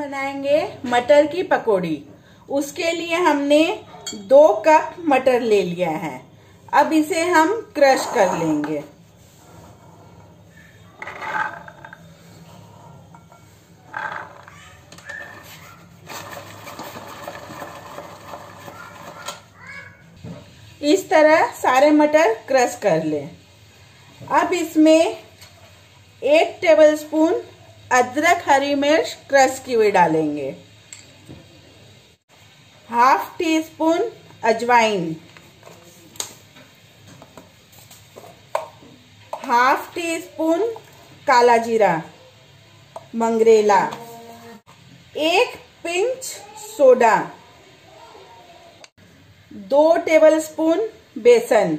बनाएंगे मटर की पकौड़ी उसके लिए हमने दो कप मटर ले लिया है अब इसे हम क्रश कर लेंगे इस तरह सारे मटर क्रश कर लें अब इसमें एक टेबलस्पून अदरक हरी मिर्च क्रश की हुई डालेंगे हाफ टी स्पून अजवाइन हाफ टी स्पून काला जीरा मंगरेला एक पिंच सोडा दो टेबलस्पून बेसन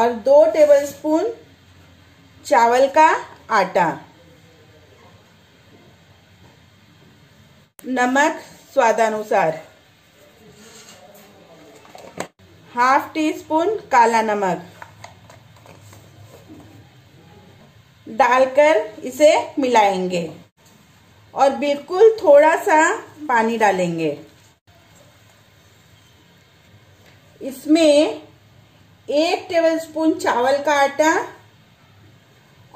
और दो टेबलस्पून चावल का आटा नमक स्वादानुसार हाफ टी स्पून काला नमक डालकर इसे मिलाएंगे और बिल्कुल थोड़ा सा पानी डालेंगे इसमें एक टेबलस्पून चावल का आटा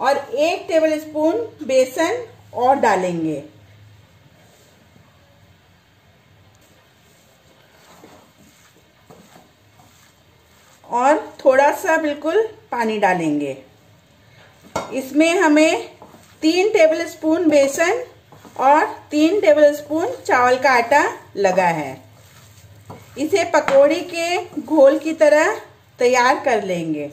और एक टेबल स्पून बेसन और डालेंगे और थोड़ा सा बिल्कुल पानी डालेंगे इसमें हमें तीन टेबल स्पून बेसन और तीन टेबल स्पून चावल का आटा लगा है इसे पकौड़ी के घोल की तरह तैयार कर लेंगे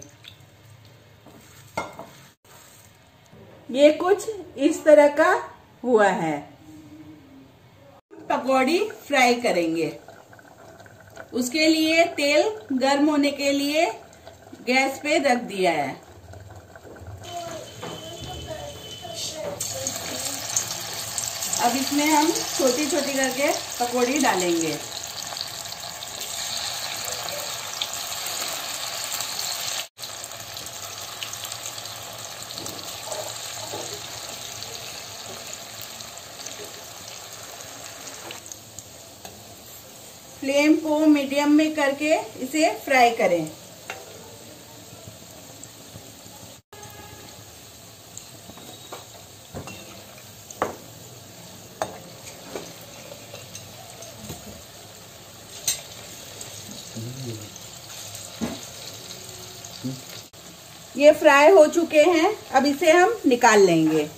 ये कुछ इस तरह का हुआ है पकौड़ी फ्राई करेंगे उसके लिए तेल गर्म होने के लिए गैस पे रख दिया है अब इसमें हम छोटी छोटी करके पकौड़ी डालेंगे फ्लेम को मीडियम में करके इसे फ्राई करें ये फ्राई हो चुके हैं अब इसे हम निकाल लेंगे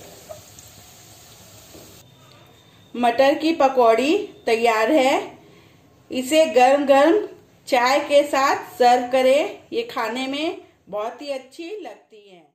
मटर की पकौड़ी तैयार है इसे गर्म गर्म चाय के साथ सर्व करें ये खाने में बहुत ही अच्छी लगती है